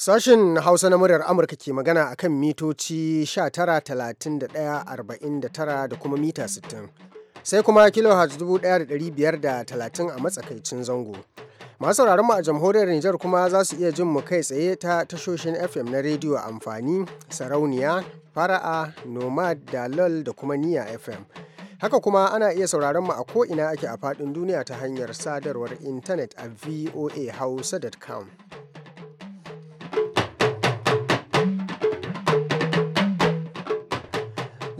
Sashen Hausa na muryar Amurka ke magana a kan mitoci 19,31,49 da kuma mita 60. Sai kuma kilohertz 1,530 a matsakaicin zango. Masu mu a jamhuriyar Nijar kuma za su iya jin mu kai tsaye ta tashoshin FM na rediyo amfani, sarauniya, fara'a, nomad, dalol da kuma niya FM. Haka kuma ana iya sauraron mu a ko'ina ake a faɗin duniya ta hanyar sadarwar intanet a voahausa.com.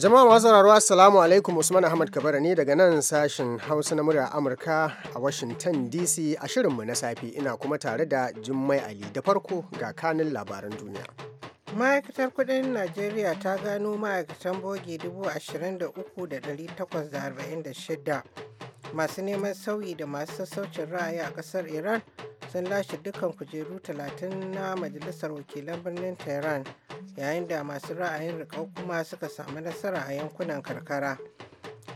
Jama'a masu sauraro Assalamu alaikum Usman Ahmad Kabara ne daga nan sashen Hausa na murya Amurka a Washington DC a shirinmu na safe ina kuma tare da Jummai Ali da farko ga kanin labaran duniya. Ma'aikatar kudin Najeriya ta gano ma'aikatan bogi 23,846 masu neman sauyi da masu sassaucin ra'ayi a kasar Iran sun lashe dukkan kujeru 30 na majalisar wakilan birnin tehran yayin da masu ra'ayin riƙau kuma suka samu nasara a yankunan karkara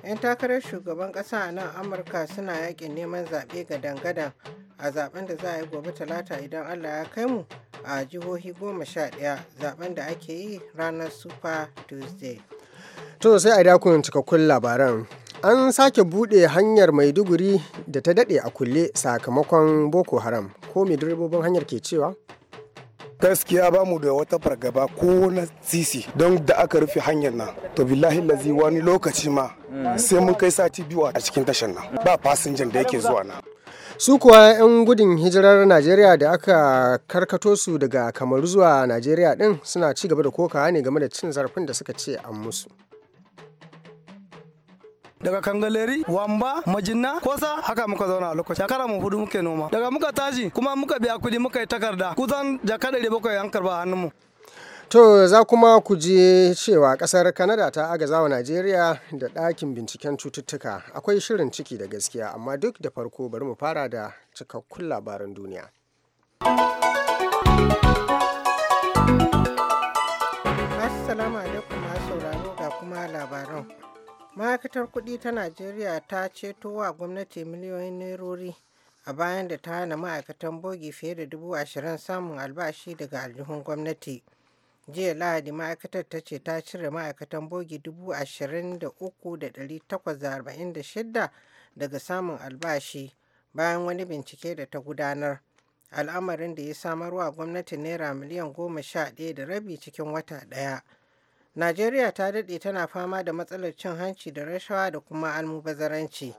'yan takarar shugaban ƙasa a nan amurka suna yakin neman zaɓe ga dangadan a zaben da za a yi gobe talata idan allah ya kai mu a jihohi goma sha ɗaya zaben da ake yi ranar super tuesday to sai a dakunan cikakkun labaran an sake buɗe hanyar maiduguri da ta daɗe a kulle sakamakon boko haram ko mai direbobin hanyar ke cewa gaskiya ba mu da wata fargaba ko na sisi don da aka rufe hanyar nan to billahi lazi wani lokaci ma sai mun kai sati biyu a cikin tashar nan ba fasinjan da yake zuwa nan su kuwa 'yan gudun hijirar najeriya da aka karkato su daga kamaru zuwa najeriya din suna ci gaba da kokawa ne game da cin zarafin da suka ce an musu daga kangaleri wamba majinna kosa haka muka zauna a lokacin shekara mu hudu muke noma daga muka tashi kuma muka biya kuɗi muka yi takarda kusan jaka ɗari bakwai an karba hannunmu To za kuma ku je cewa kasar Kanada ta agazawa wa Najeriya da ɗakin binciken cututtuka akwai shirin ciki da gaskiya amma duk da farko bari mu fara da cikakkun labaran duniya. Assalamu alaikum masu sauraro ga kuma labaran. ma'aikatar kuɗi ta najeriya ta ceto wa gwamnati miliyoyin nerori a bayan da ta hana ma'aikatan bogi fiye da dubu ashirin samun albashi daga aljihun gwamnati jiya lahadi ma'aikatar ta ce ta cire ma'aikatan bogi dubu ashirin da uku da ɗari takwas da arba'in da shidda daga samun albashi bayan wani bincike da ta gudanar al'amarin da ya samarwa gwamnati naira miliyan goma sha ɗaya da rabi cikin wata ɗaya Najeriya ta daɗe tana fama da matsalar cin hanci da rashawa da kuma almubazaranci.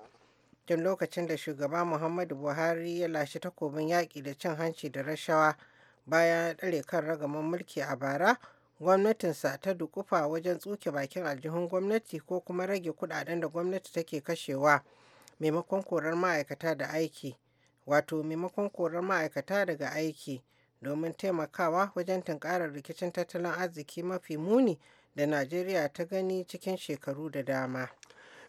Tun lokacin da shugaba Muhammadu Buhari ya lashe takobin yaƙi da cin hanci da rashawa bayan ɗare kan ragaman mulki a bara, gwamnatinsa ta dukufa wajen tsuke bakin aljihun gwamnati ko kuma rage kuɗaɗen da gwamnati take kashewa maimakon korar ma'aikata da aiki, wato maimakon korar ma'aikata daga aiki domin taimakawa wajen tunkarar rikicin tattalin arziki mafi muni da Najeriya ta gani cikin shekaru da dama.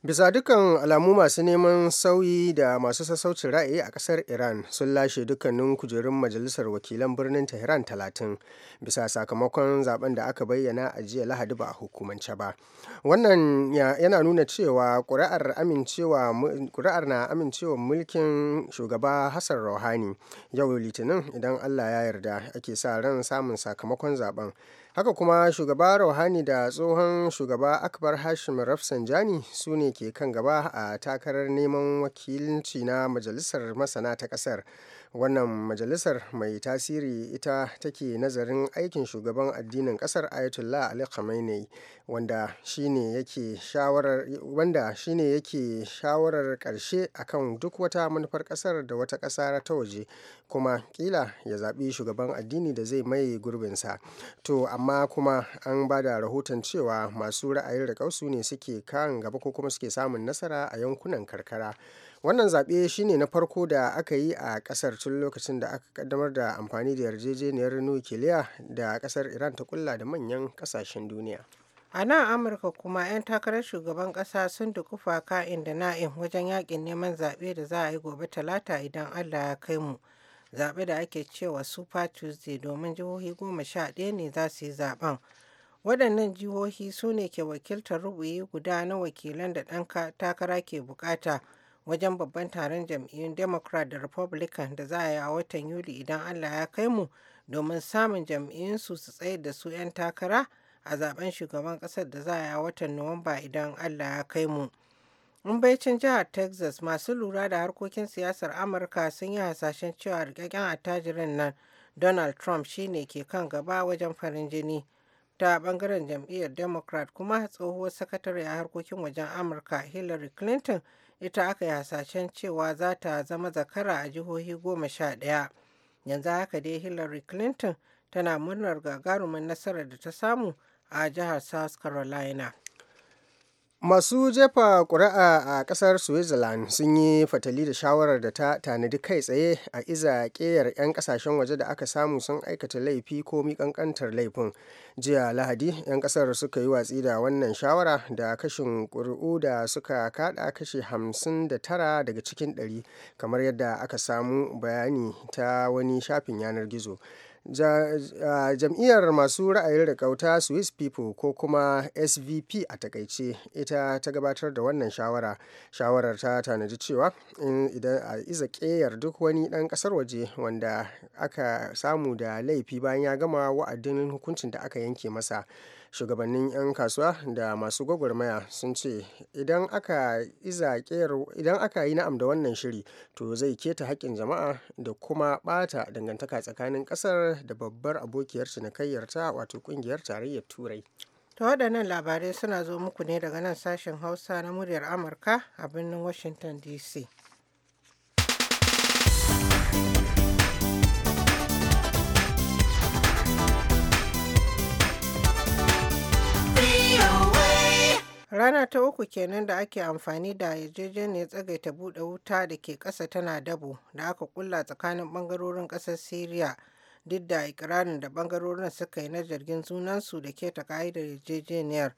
bisa dukkan alamu masu neman sauyi da masu sassaucin ra'ayi a kasar iran sun lashe dukkanin kujerun majalisar wakilan birnin tehran talatin bisa sakamakon zaben da aka bayyana a jiya lahadi ba a hukumance ba wannan yana nuna cewa kuri'ar na amincewa mulkin shugaba hassan rouhani yau litinin idan allah ya yarda ake sa ran samun sakamakon zaben haka kuma shugaba rouhani da tsohon shugaba akbar hashim rafsanjani su ne ke kan gaba a takarar neman wakilci na majalisar masana ta kasar wannan majalisar mai tasiri ita take nazarin aikin shugaban addinin kasar ayatollah ali khamenei wanda shine yake shawarar wanda shine yake shawarar karshe akan duk wata manufar kasar da wata kasa ta waje kuma kila ya zaɓi shugaban addini da zai mai gurbinsa to amma kuma an ba da rahoton cewa masu ra'ayin da ne suke kan gaba ko kuma suke samun nasara a yankunan karkara wannan zaɓe shine na farko da aka yi a ƙasar tun lokacin da aka kaddamar da amfani da yarjejeniyar nukiliya da ƙasar iran ta kulla da manyan ƙasashen duniya a nan amurka kuma 'yan takarar shugaban ƙasa sun dukufa ka'in da na'in wajen yakin neman zaɓe da za a yi gobe talata idan allah ya kai mu zaɓe da ake cewa super tuesday domin jihohi goma sha ɗaya ne za su yi zaɓen waɗannan jihohi su ne ke wakiltar rubuyi guda na wakilan da ɗan takara ke buƙata. wajen babban taron jam'iyyun democrat da republican da za a yi a watan yuli idan allah ya kai mu domin samun jam'iyyunsu su tsaye da su 'yan takara a zaben shugaban kasar da za a yi a watan nuwamba idan allah ya kai mu in baicin jihar texas masu lura da harkokin siyasar amurka sun yi hasashen cewa rikakken attajirin nan donald trump shine ke kan gaba wajen farin jini ta bangaren jam'iyyar democrat kuma tsohuwar sakatare a harkokin wajen amurka hillary clinton ita aka yi hasashen cewa za ta zama zakara a jihohi goma sha ɗaya. Yanzu haka dai Hillary Clinton tana murnar gagarumin nasarar da ta samu a jihar South Carolina. masu jefa ƙuri'a a ƙasar switzerland sun yi fatali da shawarar da ta tanadi kai tsaye a iza ƙeyar 'yan ƙasashen waje da aka samu sun aikata laifi ko miƙanƙantar laifin jiya lahadi 'yan ƙasar suka yi watsi da wannan shawara da kashin ƙuri'u da suka kaɗa kashi 59 daga cikin 100 kamar yadda aka samu bayani ta wani shafin yanar gizo jam'iyyar masu ra'ayin rikauta swiss people ko kuma svp a takaice ita ta gabatar da wannan shawara shawarar ta tanaji cewa idan a iza ƙeyar duk wani ɗan ƙasar waje wanda aka samu da laifi bayan ya gama wa'adin hukuncin da aka yanke masa shugabannin 'yan kasuwa da masu gwagwarmaya sun ce idan aka yi na'am da wannan shiri to zai keta haƙƙin jama'a da kuma ɓata dangantaka tsakanin ƙasar da babbar abokiyar cinikayyarta wato ƙungiyar tarayyar turai ta waɗannan labarai suna zo muku ne daga nan sashen hausa na muryar amurka a birnin washington dc Rana ta uku kenan da ake amfani da yarjejeniyar tsagaita buɗe wuta da ke ƙasa tana dabo da aka kulla tsakanin ɓangarorin ƙasar Siriya duk da ikirarin da ɓangarorin suka yi na jirgin sunansu da keta ƙa'idar yarjejeniyar.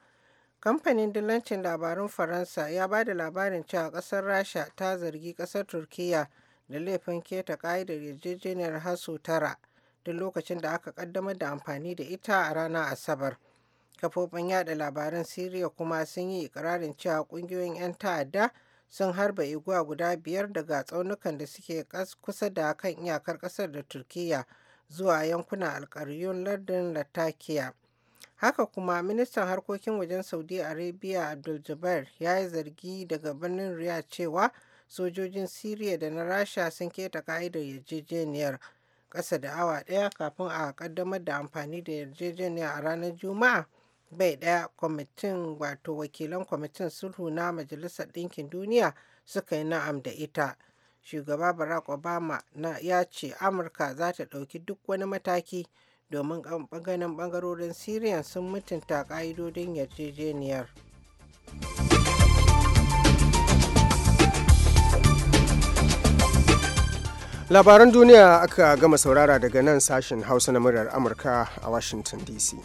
Kamfanin dillancin labarun Faransa ya ba da labarin cewa ƙasar Rasha ta zargi ƙasar Turkiyya da laifin keta ƙa'idar yarjejeniyar har tara duk lokacin da aka ƙaddamar da amfani da ita a ranar Asabar. Kafofin yada labaran Siriya kuma sun yi ikirarin cewa kungiyoyin 'yan ta'adda sun harba iguwa guda biyar daga tsaunukan da suke kusa da kan iyakar kasar da Turkiyya zuwa yankunan alkaryun lardin Latakia. Haka kuma ministan harkokin wajen Saudi Arabia Abdul Jabbar ya yi zargi daga birnin riya cewa sojojin Siriya da na Rasha sun keta ka'idar yarjejeniyar ƙasa da awa ɗaya kafin a ƙaddamar da amfani da yarjejeniya a ranar Juma'a bai ɗaya kwamitin wato wakilan kwamitin sulhu na majalisar ɗinkin duniya suka yi na'am da ita shugaba barack obama na ya ce amurka za ta ɗauki duk wani mataki domin ganin ɓangarorin syrian sun mutunta ƙa'idodin yarjejeniyar labaran duniya aka gama saurara daga nan sashen hausa na muryar amurka a washington dc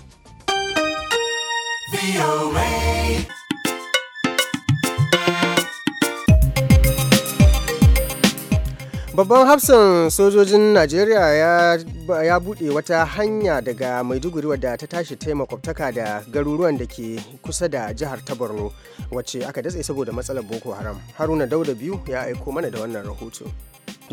Babban hafsan sojojin Najeriya ya buɗe wata hanya daga Maiduguri wadda ta tashi makwabtaka da garuruwan da ke kusa da jihar ta Borno wacce aka datse saboda matsalar Boko Haram. Haruna Dauda biyu ya aiko mana da wannan rahoto.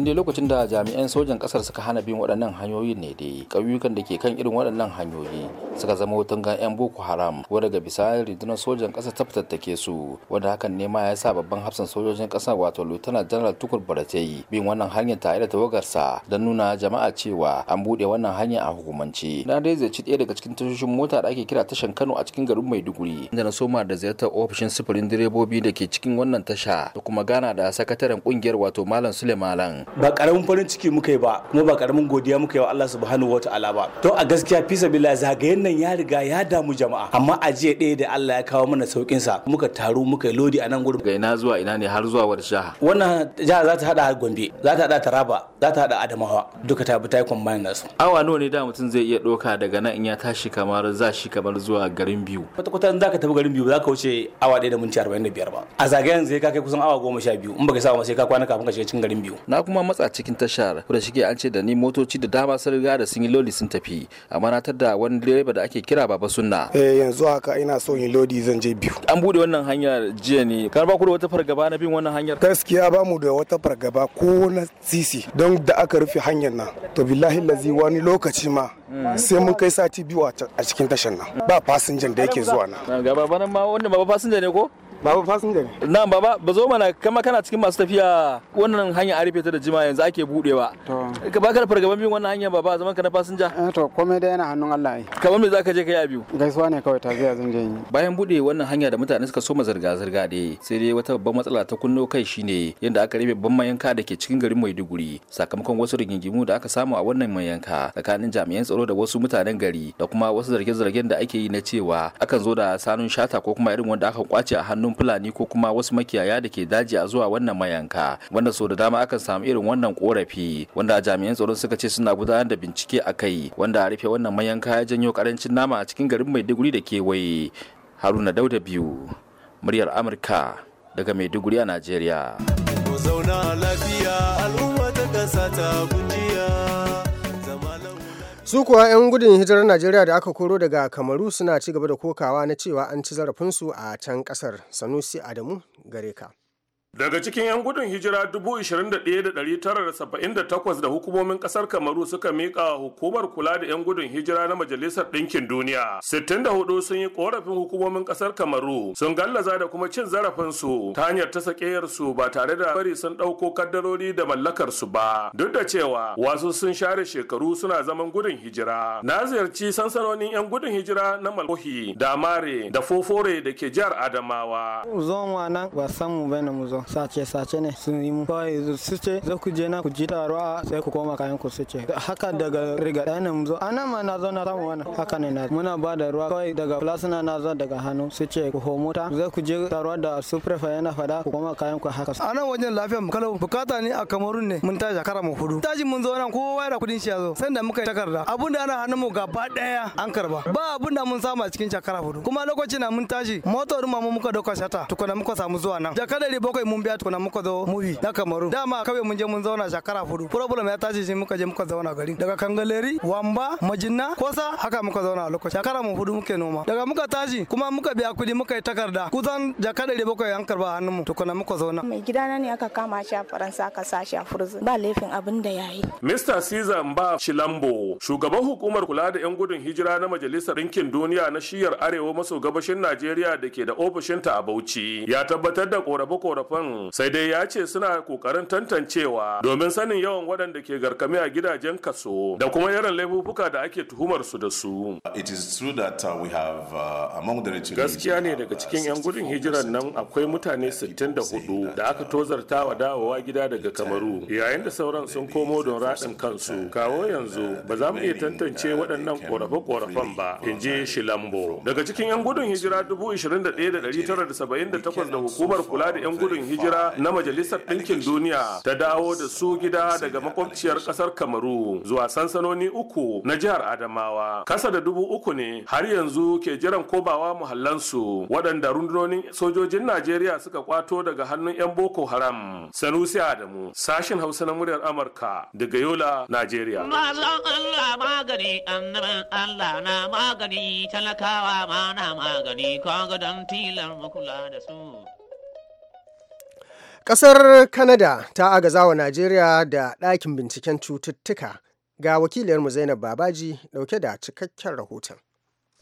inda lokacin da jami'an sojan kasar suka hana bin waɗannan hanyoyin ne dai ƙauyukan da ke kan irin waɗannan hanyoyi suka zama wutan ga 'yan boko haram wadda daga bisani rundunar sojan ƙasar ta fitattake su wanda hakan ne ma ya sa babban hafsan sojojin kasar wato lieutenant general tukur baratai bin wannan hanyar tare da tawagarsa don nuna jama'a cewa an buɗe wannan hanya a hukumance na dai zai ci ɗaya daga cikin tashoshin mota da ake kira tashan kano a cikin garin maiduguri inda na soma da ziyartar ofishin sufurin direbobi da ke cikin wannan tasha da kuma gana da sakataren kungiyar wato malam sulemalan ba karamin farin ciki muka yi ba kuma ba karamin godiya muka yi wa Allah subhanahu wataala ba to a gaskiya fi sabilillah zagayen nan ya riga ya damu jama'a amma a jiya ɗaya da Allah ya kawo mana saukin sa muka taru muka yi lodi a nan gurin ga ina zuwa ina ne har zuwa wata wannan jaha za ta hada Gombe za ta hada Taraba za ta hada Adamawa duka ta bi ta yi combine nasu awa nawa ne da mutum zai iya doka daga nan in ya tashi kamar za shi kamar zuwa garin biyu kwata kwata za ka tafi garin biyu za ka wuce awa ɗaya da minti arba'in da biyar ba a zagayen zai ka kai kusan awa goma sha biyu in baka sa sai ka kwana kafin ka shiga cikin garin biyu na kuma matsa cikin tashar da shige an ce da ni motoci da dama sun riga da sun yi lodi sun tafi amma na da wani direba da ake kira baba sunna eh yanzu haka ina so yin lodi zan je biyu an bude wannan hanyar jiya ne kar ba ku da wata fargaba na bin wannan hanyar gaskiya ba mu da wata fargaba ko na sisi don da aka rufe hanyar nan to billahi lazi wani lokaci ma hmm. sai mun kai sati biyu a cikin tashar nan ba fasinjan da yake zuwa nan ga babanan ma wannan baba fasinja ne ko Baba fasinja ne. Na baba ba zo mana kama kana cikin masu tafiya wannan hanya a rufe ta da jima yanzu ake buɗewa. To. Ka baka da fargaban bin wannan hanya baba zaman ka na fasinja. Eh to komai da yana hannun Allah ai. Kamar me zaka je ka yi a biyu? Gaisuwa ne kawai ta zai zan je yi. Bayan bude wannan hanya da mutane suka soma zirga zirga da sai dai wata babban matsala ta kunno kai shine yadda aka rufe ban mayanka da ke cikin garin Maiduguri sakamakon wasu rigingimu da aka samu a wannan mayanka tsakanin jami'an tsaro da wasu mutanen gari da kuma wasu zarge-zargen da ake yi na cewa akan zo da sanun shata ko kuma irin wanda aka kwace a hannun hannun fulani ko kuma wasu makiyaya da ke daji a zuwa wannan mayanka wanda sau da dama akan samu irin wannan korafi wanda jami'an tsaron suka ce suna gudanar da bincike a kai wanda a rufe wannan mayanka ya janyo karancin nama a cikin garin maiduguri da kewaye haruna dauda biyu muryar amurka daga maiduguri a najeriya zauna lafiya al'umma ta kasa ta su kuwa 'yan gudun hijirar najeriya da aka koro daga kamaru suna ci gaba da kokawa na cewa an ci zarafinsu a can kasar sanusi adamu gare ka Daga cikin 'yan gudun hijira 21,978 da hukumomin kasar Kamaru suka miƙa hukumar kula da 'yan gudun hijira na Majalisar Ɗinkin Duniya. 64 sun yi ƙorafin hukumomin kasar Kamaru sun gallaza da kuma cin zarafinsu ta hanyar ta sakeyarsu ba tare da bari sun ɗauko kaddarori da mallakarsu ba. Duk da cewa wasu sun share shekaru suna zaman gudun hijira. Na ziyarci sansanonin 'yan gudun hijira na Malkohi Damare da Fofore da ke jihar Adamawa. Zon wa nan ba samu bane mu zo. sace sace ne sun yi mu kawai su ce za ku je na ku ji taruwa sai ku koma kayan ku su ce haka daga riga ɗaya ne mu zo anan ma na zo na samu wani haka ne na muna ba da ruwa kawai daga plasina na zo daga hannu su ce ku ho mota za ku je taruwa da su prefa yana fada ku koma kayan ku haka su. anan wajen lafiya mu kalau bukata ne a kamarun ne mun tashi shekara mu hudu tashi mun zo nan kowa da kudin shi ya zo sai da muka takarda abun da ana hannun mu gaba ɗaya an karba ba abun da mun samu a cikin shakara hudu kuma lokacin na mun tashi motar mu muka dauka shata tukuna muka samu zuwa nan jakadari bakwai mun biya tukuna muka zo na kamaru dama kawai mun je mun zauna shakara hudu problem ya tashi shi muka je muka zauna gari daga kangaleri wamba majinna kosa haka muka zauna a lokaci shakara mu hudu muke noma daga muka tashi kuma muka biya kudi muka yi takarda kusan jaka ɗari bakwai an karba hannun mu tukuna muka zauna mai gidana ne aka kama shi a faransa aka sa shi a furzin ba laifin abin da ya yi. Mr. Caesar Mba Shilambo shugaban hukumar kula da yan gudun hijira na majalisar ɗinkin duniya na shiyar arewa maso gabashin Najeriya da ke da ofishinta a Bauchi ya tabbatar da korafe-korafen daban sai dai ya ce suna kokarin tantancewa domin sanin yawan waɗanda ke garkame a gidajen kaso da kuma yaran laifuka da ake tuhumar su da su gaskiya ne daga cikin uh, 'yan gudun hijirar nan akwai mutane 64 da aka uh, tozarta wa dawowa gida daga kamaru yayin da sauran sun komo don raɗin kansu uh, kawo yanzu ba za mu iya tantance waɗannan ƙorafe-ƙorafen ba in ji shi lambo daga cikin 'yan gudun hijira 21,978 da hukumar kula da 'yan gudun hijira na Majalisar Ɗinkin Duniya ta dawo da su gida daga makwabciyar ƙasar Kamaru zuwa sansanoni uku na jihar Adamawa. Kasa da dubu uku ne har yanzu ke jiran kobawa muhallansu waɗanda rundunonin sojojin Najeriya suka kwato daga hannun 'yan Boko Haram. Sanusi Adamu, sashin Hausa na muryar Amurka daga Yola, Najeriya. Allah magani, Allah na magani, talakawa ma na magani, kwa gadon tilar makula da su. Ƙasar Kanada ta agaza wa Najeriya da ɗakin binciken cututtuka. Ga wakiliyarmu Zainab Babaji ɗauke da cikakken rahoton.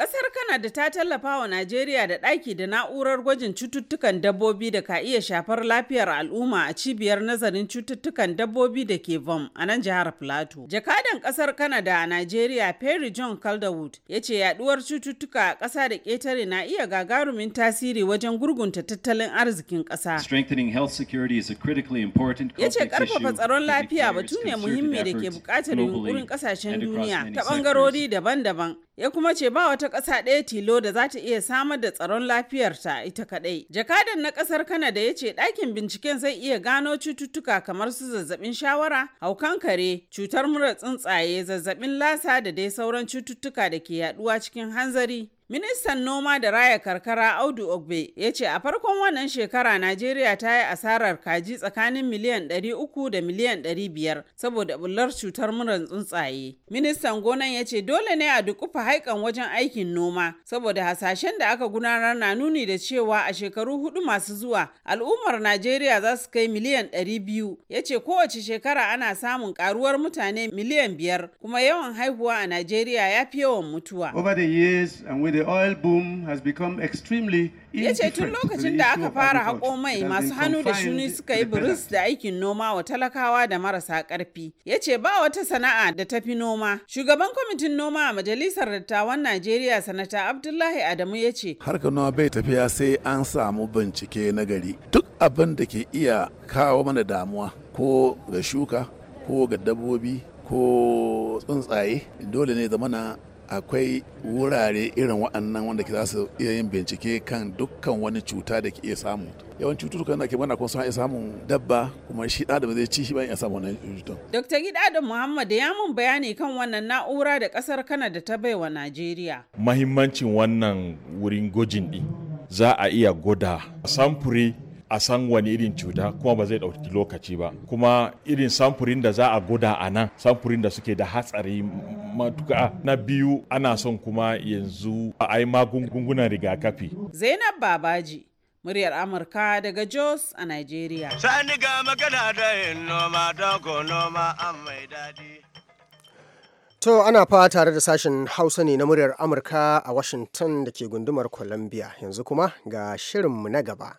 Ƙasar Canada ta tallafa wa Najeriya da ɗaki da na'urar gwajin cututtukan dabbobi da ka iya shafar lafiyar al'umma a cibiyar nazarin cututtukan dabbobi da ke VOM a nan jihar Plateau. Jakadan ƙasar Kanada a Najeriya Perry John Calderwood ya ce yaduwar cututtuka a ƙasa da ƙetare na iya gagarumin tasiri wajen gurgunta tattalin arzikin ƙasa. Ya ce ƙarfafa tsaron lafiya batu ne muhimmi da ke buƙatar yunkurin ƙasashen duniya ta ɓangarori daban-daban. Ya kuma ce ba wata wata ƙasa ɗaya tilo da za ta iya samar da tsaron lafiyarta ita kaɗai. Jakadan na ƙasar Kanada ya ce ɗakin binciken zai iya gano cututtuka kamar su zazzabin shawara, haukan kare, cutar mura tsuntsaye, zazzabin lasa da dai sauran cututtuka da ke yaɗuwa cikin hanzari Ministan noma da raya karkara Audu Ogbe ya ce a farkon wannan shekara Najeriya ta yi asarar kaji tsakanin miliyan 300 da miliyan 500 saboda bullar cutar muran tsuntsaye. Ministan gonan ya ce dole ne a dukufa haikan wajen aikin noma saboda hasashen da aka gudanar na nuni da cewa a shekaru hudu masu zuwa al'ummar Najeriya za su kai miliyan 200. Ya ce kowace shekara ana samun karuwar mutane miliyan biyar kuma yawan haihuwa a Najeriya ya fi yawan mutuwa. the oil boom has become extremely yace tun lokacin da aka fara haƙo mai masu hannu da shuni suka yi burus da aikin noma wa talakawa da marasa ƙarfi ya ce ba wata sana'a da ta fi noma shugaban kwamitin noma a majalisar dattawan najeriya sanata abdullahi adamu ya ce harkar noma bai tafiya sai an samu bincike na gari duk abin da ke iya kawo mana damuwa ko ga shuka ko ga dabbobi ko tsuntsaye dole ne zamana akwai wurare irin waɗannan wanda ke za su iya yin bincike kan dukkan wani cuta da ke iya samu yawan cututtukan na ke mana kuma sun iya samun dabba kuma shi da zai ci shi bayan ya samu wannan cututtukan. Dr. Gidado Muhammad ya mun bayani kan wannan na'ura da ƙasar Kanada ta baiwa Najeriya. Mahimmancin wannan wurin gwajin ɗin za a iya gwada samfuri a san wani irin cuta kuma ba zai ɗauki lokaci ba kuma irin samfurin da za a gwada a nan samfurin da suke da hatsari matuka ah, na biyu ana son kuma yanzu a ai magungunan rigakafi zainab babaji muryar amurka daga jos a nigeria sani ga magana da yin noma dogo noma an mai daɗi To ana fa tare da sashen Hausa ne na muryar Amurka a Washington da ke gundumar Columbia yanzu kuma ga shirin mu na gaba.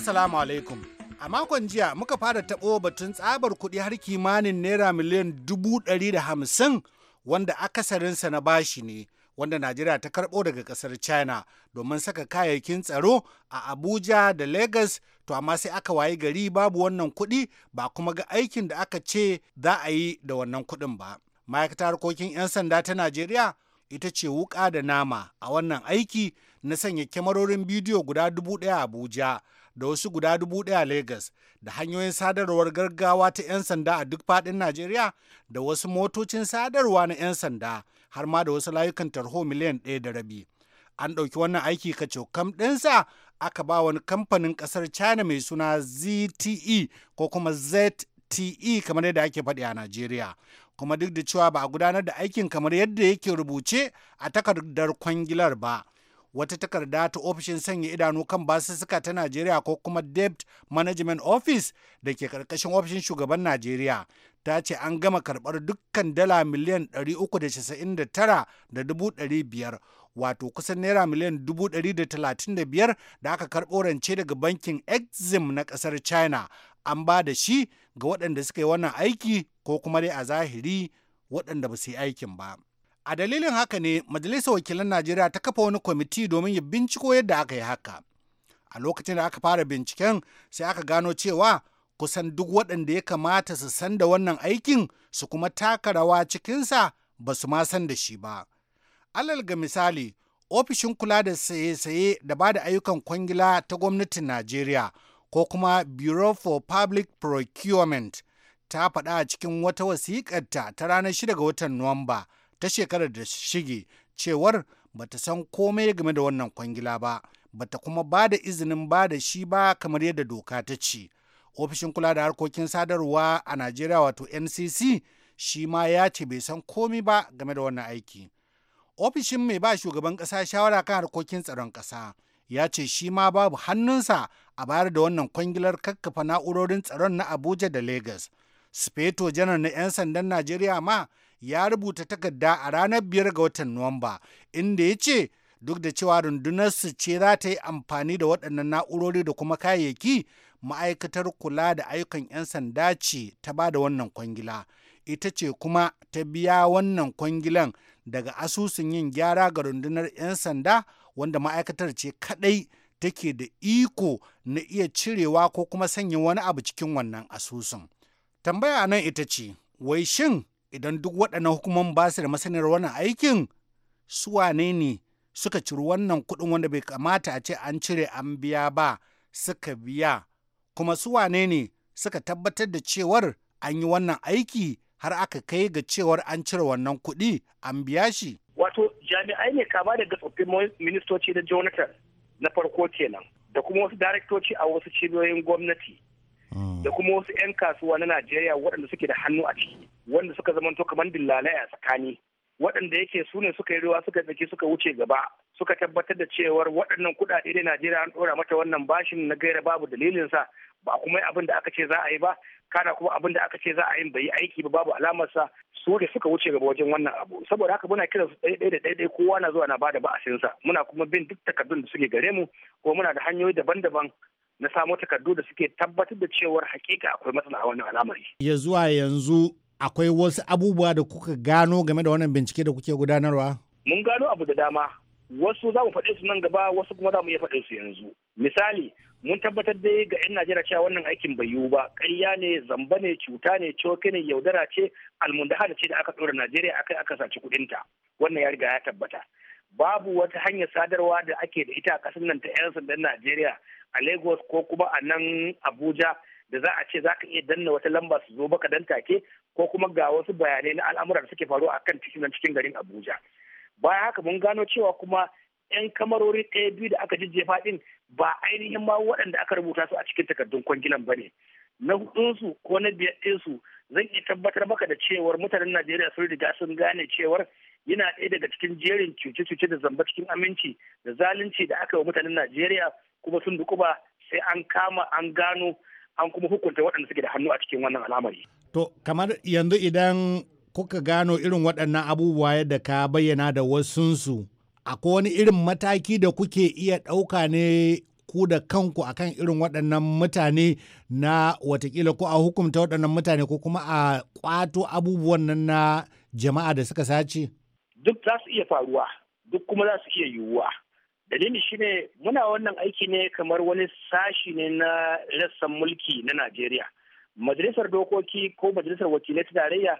Assalamu alaikum. A makon jiya muka fara taɓo batun tsabar kuɗi har kimanin naira miliyan dubu ɗari da hamsin wanda akasarinsa na bashi ne wanda Najeriya ta karɓo daga ƙasar China domin saka kayayyakin tsaro a Abuja da Lagos to amma sai aka wayi gari babu wannan kuɗi ba kuma ga aikin da aka ce za a yi da wannan kuɗin ba. Ma'aikatar harkokin 'yan sanda ta Najeriya ita ce wuƙa da nama a wannan aiki na sanya kyamarorin bidiyo guda dubu ɗaya a Abuja da wasu guda dubu ɗaya Legas da hanyoyin sadarwar gargawa ta 'yan sanda a duk faɗin Najeriya da wasu motocin sadarwa na 'yan sanda har ma da wasu layukan tarho miliyan ɗaya da rabi. An ɗauki wannan aiki kacokam ɗinsa aka ba wani kamfanin ƙasar China mai suna ZTE ko kuma ZTE kamar yadda ake faɗi a Najeriya. Kuma duk da cewa ba a gudanar da aikin kamar yadda yake rubuce a takardar kwangilar ba. wata takarda ta ofishin sanya idanu kan basussuka ta Najeriya ko kuma Debt Management Office da ke karkashin ofishin shugaban Najeriya ta ce an gama karbar dukkan dala miliyan 399,500 wato kusan naira miliyan 135 da aka karɓo rance daga bankin Exim na ƙasar China an ba da shi ga waɗanda suka yi wannan aiki ko kuma dai a zahiri waɗanda ba su yi aikin ba. A dalilin haka ne Majalisar Wakilan Najeriya ta kafa wani kwamiti domin ya binciko yadda aka yi haka. A lokacin da aka fara binciken sai aka gano cewa kusan duk waɗanda ya kamata su san da wannan aikin su kuma taka rawa cikinsa ba su ma san da shi ba. Alal ga misali, ofishin kula da saye-saye da ba da ayyukan kwangila ta gwamnatin Najeriya ko kuma Bureau for Public Procurement ta faɗa a cikin wata wasiƙarta ta ranar 6 ga watan Nuwamba ta shekarar da shige cewar ba ta san komai game da wannan kwangila ba ba ta kuma ba da izinin ba da shi ba kamar yadda doka ta ce ofishin kula da harkokin sadarwa a najeriya wato ncc shi ma ya ce bai san komai ba game da wannan aiki ofishin mai ba shugaban kasa shawara kan harkokin tsaron kasa ya ce shi ma babu hannunsa a bayar da wannan kwangilar kakkafa na'urorin tsaron na abuja da lagos speto janar na 'yan sandan najeriya ma ya rubuta takarda a ranar biyar ga watan Nuwamba, inda ya ce duk da cewa rundunarsu ce za ta yi amfani da waɗannan na'urori da kuma kayayyaki ma'aikatar kula da ayyukan 'yan sanda ce ta ba da wannan kwangila ita ce kuma ta biya wannan kwangilan daga asusun yin gyara ga rundunar 'yan sanda wanda ma'aikatar ce kaɗai take da iko na iya cirewa ko kuma sanya wani abu cikin wannan asusun. Tambaya nan ita ce, wai shin idan duk waɗannan hukumomin ba su da masanar wannan aikin su wane ne suka ciri wannan kuɗin wanda bai kamata a ce an cire an biya ba suka biya kuma su wane ne suka tabbatar da cewar an yi wannan aiki har aka kai ga cewar an cire wannan kuɗi an biya shi. Wato jami'ai ne kama daga tsoffin ministoci da Jonathan na farko kenan da kuma wasu daraktoci a wasu cibiyoyin gwamnati hmm. da kuma wasu 'yan kasuwa na Najeriya waɗanda suke da hannu a ciki. wanda suka to kamar dillalai a tsakani waɗanda yake su ne suka yi ruwa suka tsaki suka wuce gaba suka tabbatar da cewar waɗannan kuɗaɗe ne najeriya an ɗora mata wannan bashin na gaira babu dalilin sa ba kuma abin da aka ce za a yi ba kana kuma abin da aka ce za a yi bai yi aiki ba babu alamarsa su ne suka wuce gaba wajen wannan abu saboda haka muna kiransu ɗaya da ɗaya kowa na zuwa na ba da sa muna kuma bin duk takardun da suke gare mu kuma muna da hanyoyi daban-daban na samo takardu da suke tabbatar da cewar hakika akwai matsala a wannan al'amari. Ya zuwa yanzu akwai wasu abubuwa da kuka gano game da wannan bincike da kuke gudanarwa? Mun gano abu da dama. Wasu za mu faɗe su nan gaba, wasu kuma za mu iya faɗe su yanzu. Misali, mun tabbatar da ga 'yan Najeriya cewa wannan aikin bai yiwu ba, ƙarya ne, zamba ne, cuta ne, coke ne, yaudara ce, almundahana ce da aka ɗora Najeriya akai aka saci kuɗinta. Wannan ya riga ya tabbata. Babu wata hanyar sadarwa da ake da ita a ƙasar nan ta 'yan sandan Najeriya a Lagos ko kuma a nan Abuja da za a ce za ka iya danna wata lamba su zo baka dan take ko kuma ga wasu bayanai na al'amura al'amuran suke faru faruwa kan cikin cikin garin Abuja. Bayan haka mun gano cewa kuma 'yan kamarori ɗaya biyu da aka jijjefa ɗin ba ainihin ma waɗanda aka rubuta su a cikin takardun kwangilan ba ne. Na hudunsu ko na biyar ɗinsu zan iya tabbatar maka da cewar mutanen Najeriya sun riga sun gane cewar yana ɗaya daga cikin jerin cuce-cuce da zamba cikin aminci da zalunci da aka yi wa mutanen Najeriya kuma sun dukuba sai an kama an gano an kuma hukunta waɗanda suke da hannu a cikin wannan al'amari. To, kamar yanzu idan kuka gano irin waɗannan abubuwa yadda ka bayyana da wasunsu, akwai wani irin mataki da kuke iya ɗauka ne ku da kanku a kan irin waɗannan mutane na watakila ko a hukumta waɗannan mutane ko kuma a ƙwato abubuwan nan na jama'a da suka sace? Duk za su iya faruwa, duk kuma za su iya yiwuwa. dalili shine muna wannan aiki ne kamar wani sashi ne na rassan mulki na najeriya majalisar dokoki ko majalisar wakilai ta tarayya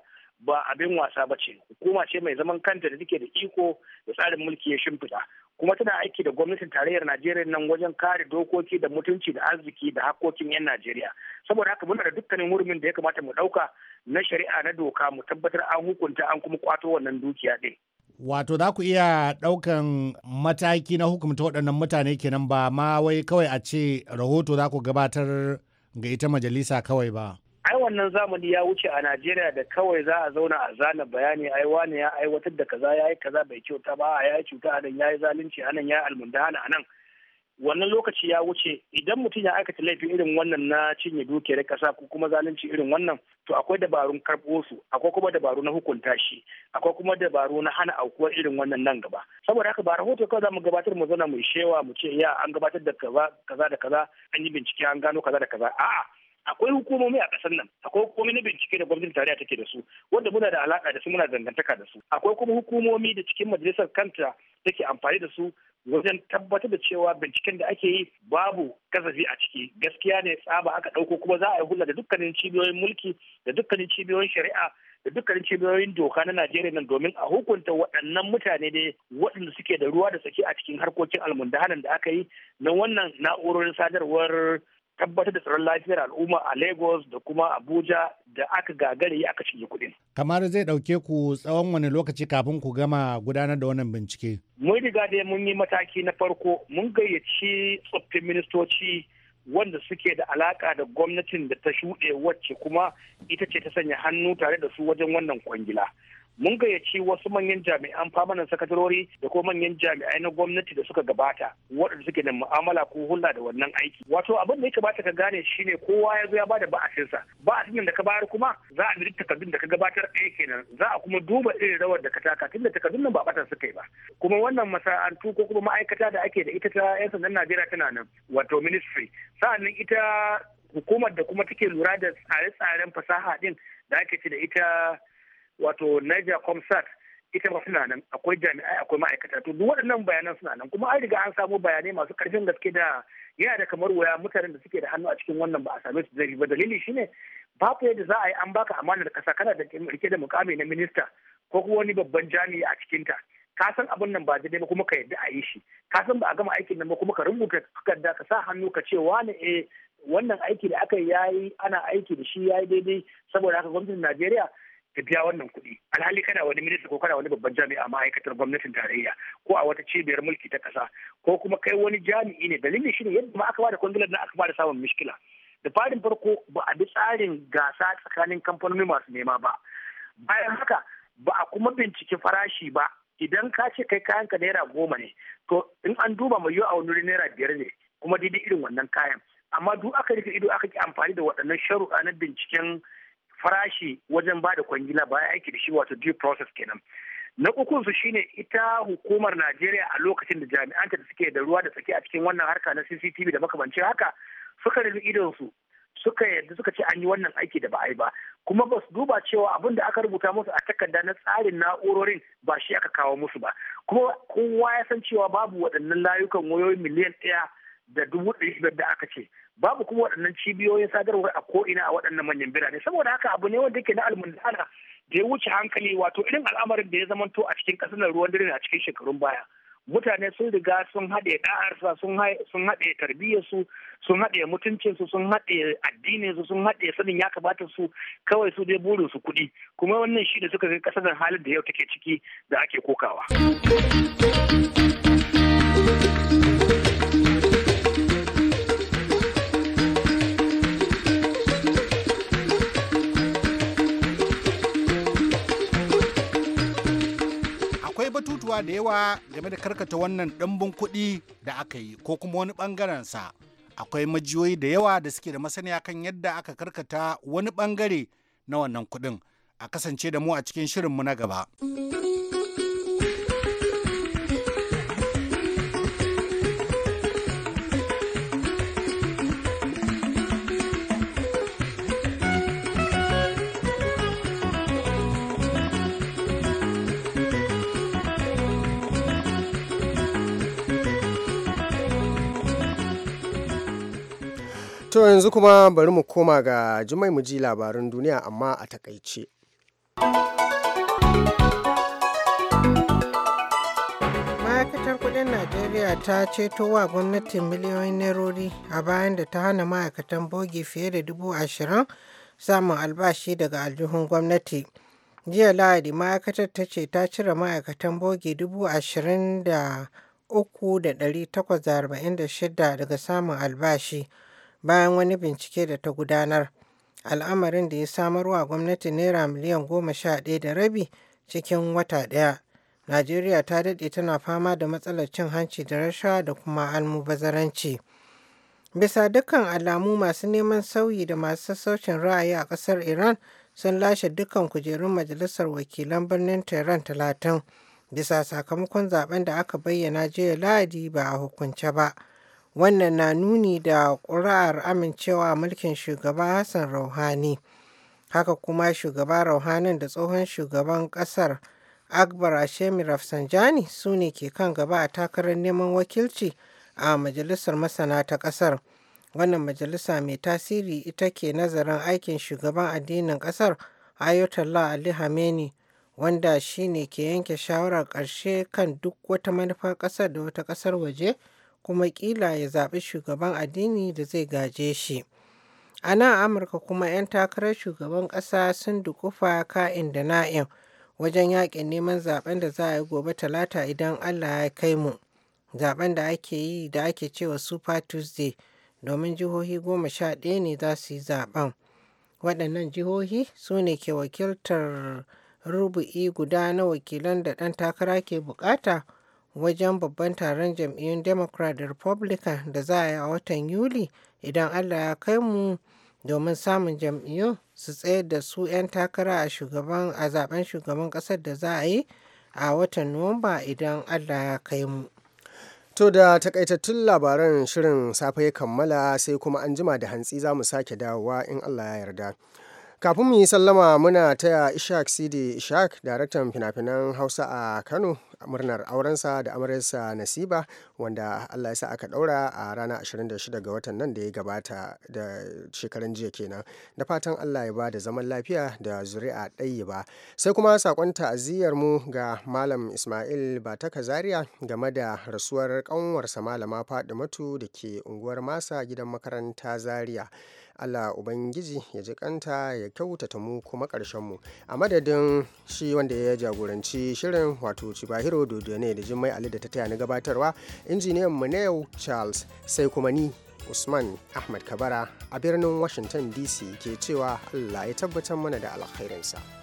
ba abin wasa ba ce hukuma ce mai zaman kanta da take da iko da tsarin mulki ya shimfiɗa kuma tana aiki da gwamnatin tarayyar najeriya nan wajen kare dokoki da mutunci da arziki da hakkokin 'yan najeriya saboda haka muna da dukkanin hurumin da ya kamata mu ɗauka na shari'a na doka mu tabbatar an hukunta an kuma kwato wannan dukiya ɗin wato za ku iya ɗaukan mataki na hukumta waɗannan mutane kenan ba ma wai kawai a ce rahoto za ku gabatar ga ita majalisa kawai ba. ai wannan zamani ya wuce a najeriya da kawai za a zauna a zana bayani ai wane ya aiwatar da kaza ya yi kaza bai kyauta ba ya yi cuta anan ya yi zalunci anan ya yi almundana nan. wannan lokaci ya wuce idan mutum ya aikata laifin irin wannan na cinye dukiyar kasa ko kuma zalunci irin wannan to akwai dabarun karɓo su akwai kuma dabaru na hukunta shi akwai kuma dabaru na hana aukuwa irin wannan nan gaba saboda haka ba rahoto kawai zamu gabatar mu zana mu shewa mu ce ya an gabatar da kaza kaza da kaza an yi bincike an gano kaza da kaza a'a akwai hukumomi a ƙasar nan akwai hukumomi na bincike da gwamnatin tarayya take da su wanda muna da alaka da su muna dangantaka da su akwai kuma hukumomi da cikin majalisar kanta take amfani da su wajen tabbatar da cewa binciken da ake yi babu kasafi a ciki gaskiya ne tsaba aka ɗauko kuma za a yi hula da dukkanin cibiyoyin mulki da dukkanin cibiyoyin shari'a da dukkanin cibiyoyin doka na Najeriya nan domin a hukunta waɗannan mutane ne waɗanda suke da ruwa da tsaki a cikin harkokin almundahanan da aka yi na wannan na'urorin sadarwar tabbatar da tsaron lafiyar al'umma a Lagos da kuma Abuja da aka gagare aka cinye kuɗin. Kamar zai ɗauke ku tsawon wani lokaci kafin ku gama gudanar da wannan bincike? Mun riga dai mun yi mataki na farko mun gayyaci tsoffin ministoci wanda suke da alaka da gwamnatin da ta shuɗe wacce kuma ita ce ta sanya hannu tare da su wajen wannan kwangila. mun gayyaci wasu manyan jami'an famanan sakatarori da kuma manyan jami'ai na gwamnati da suka gabata waɗanda suke da mu'amala ko hulɗa da wannan aiki wato abin da ya kamata ka gane shine kowa ya zo ya bada ba'asinsa ba'asin da ka bayar kuma za a bi takardun da ka gabatar ɗaya kenan za a kuma duba irin rawar da ka taka tunda takardun nan ba ɓatan suka yi ba kuma wannan masana'antu ko kuma ma'aikata da ake da ita ta 'yan sandan Najeriya tana nan wato ministry sa'annan ita hukumar da kuma take lura da tsare-tsaren fasaha din da ake ce da ita wato niger comsat ita ma suna nan akwai jami'ai akwai ma'aikata to duk waɗannan bayanan suna nan kuma an riga an samo bayanai masu ƙarfin gaske da yana da kamar waya mutanen da suke da hannu a cikin wannan ba a same su zari ba dalili shine babu yadda za a yi an baka amanar kasa kana da rike da mukami na minista ko kuma wani babban jami'i a cikinta ka san abin nan ba daidai ba kuma ka yadda a yi shi ka san ba a gama aikin nan ba kuma ka rubuta takarda ka sa hannu ka ce wani eh wannan aiki da aka yi ana aiki da shi yayi daidai saboda haka gwamnatin Najeriya ka biya wannan kuɗi alhali kana wani minista ko kana wani babban jami'a ma'aikatar gwamnatin tarayya ko a wata cibiyar mulki ta ƙasa ko kuma kai wani jami'i ne dalilin shi ne yadda ma aka ba da kwangilar na aka da samun mishkila da farin farko ba a bi tsarin gasa tsakanin kamfanoni masu nema ba bayan haka ba a kuma bincike farashi ba idan ka ce kai kayanka naira goma ne to in an duba mai yiwu a wani naira biyar ne kuma daidai irin wannan kayan amma duk aka rike ido aka ki amfani da waɗannan sharuɗa na binciken farashi wajen ba da kwangila ba aiki da shi wato due process kenan na ukunsu su shine ita hukumar najeriya a lokacin da jami'anta da suke da ruwa da tsaki a cikin wannan harka na cctv da makamancin haka suka rufe idon su suka yadda suka ce an yi wannan aiki da ba a yi ba kuma ba su duba cewa abin da aka rubuta musu a takarda na tsarin na'urorin ba shi aka kawo musu ba kuma kowa ya san cewa babu waɗannan layukan wayoyin miliyan ɗaya da dubu ɗari da aka ce babu kuma waɗannan cibiyoyin sadarwar a ko'ina a waɗannan manyan birane saboda haka abu ne wanda yake na almundana da ya wuce hankali wato irin al'amarin da ya zamanto a cikin ƙasar ruwan dare a cikin shekarun baya mutane sun riga sun haɗe ɗa'arsa sun haɗe tarbiyyarsu sun haɗe mutuncinsu sun haɗe addininsu sun haɗe sanin ya kamata su kawai su dai burin su kuɗi kuma wannan shi da suka ga ƙasar halin da yau take ciki da ake kokawa. akwai batutuwa da yawa game da karkata wannan ɗimbin kuɗi da aka yi ko kuma wani ɓangaren sa akwai majiyoyi da yawa da suke da masaniya kan yadda aka karkata wani ɓangare na wannan kuɗin a kasance da mu a cikin shirin mu na gaba. To yanzu kuma bari mu koma ga jimai mu ji labarin duniya amma a takaice. Ma'aikatar kudin Najeriya ta ceto wa gwamnatin miliyoyin nerori a bayan da ta hana ma'aikatan bogi fiye da dubu ashirin samun albashi daga aljihun gwamnati. Jiya Lahadi ma'aikatar ta ce ta cire ma'aikatan bogi dubu ashirin da uku da ɗari takwas da arba'in da shida daga samun albashi. bayan wani bincike da ta gudanar al'amarin da ya samarwa gwamnati naira miliyan goma sha ɗaya da rabi cikin wata ɗaya najeriya ta daɗe tana fama da matsalar cin hanci da rashawa da kuma almubazaranci bisa dukkan alamu masu neman sauyi da masu sassaucin ra'ayi a ƙasar iran sun lashe dukkan kujerun majalisar wakilan birnin tehran talatin bisa sakamakon zaben da aka bayyana jiya lahadi ba a hukunce ba Wannan na nuni da ƙuri'ar amincewa mulkin shugaba Hassan Rouhani. Haka kuma shugaba Rouhanin da tsohon shugaban ƙasar Akbar Ashemi Rafsanjani su ne ke kan gaba a takarar neman wakilci a majalisar masana ta ƙasar. Wannan majalisa mai tasiri ita ke nazarin aikin shugaban addinin ƙasar Ayatollah Ali Khamenei wanda shi ne ke yanke shawarar ƙarshe kan duk wata manufar ƙasar da wata ƙasar waje kuma kila ya zaɓi shugaban addini da zai gaje shi. A nan Amurka kuma 'yan takarar shugaban ƙasa sun dukufa ka'in da na'in wajen yaƙin neman zaɓen da za a yi gobe talata idan Allah ya kai mu. Zaɓen da ake yi da ake cewa Super Tuesday domin jihohi goma sha ɗaya ne za su yi zaɓen. Waɗannan jihohi su ne ke wakiltar rubu'i guda na wakilan da ɗan takara ke buƙata. wajen babban taron jam'iyyun democrat da republican da za a yi a watan yuli idan allah ya kai mu domin samun jam'iyyun su tsayar da su 'yan takara a zaben shugaban kasar da za a yi a watan nuwamba idan allah ya kai mu To da takaitattun labaran shirin safe ya kammala sai kuma an jima da hantsi za mu sake dawowa in Allah ya yarda. kafin mu yi sallama muna taya ishaq sidi ishaq daraktan fina-finan hausa a kano murnar aurensa da amaryarsa nasiba wanda allah ya sa aka daura a ranar 26 ga watan nan da ya gabata da shekaran jiya kenan da fatan allah ya ba da zaman lafiya da zuri'a ɗayi ba sai kuma sakon ta'aziyyar mu ga malam ismail ba bataka zaria game da rasuwar kanwarsa malama fadimatu da ke unguwar masa gidan makaranta zaria allah ubangiji ya ji kanta ya kyautata mu kuma ƙarshen mu a madadin shi wanda ya jagoranci shirin wato cibahiro dodo ne da jimmai ali da ta taya ni gabatarwa injiniyan mu na yau charles sai kuma ni usman ahmad kabara a birnin washington dc ke cewa allah ya tabbatar mana da alkhairinsa.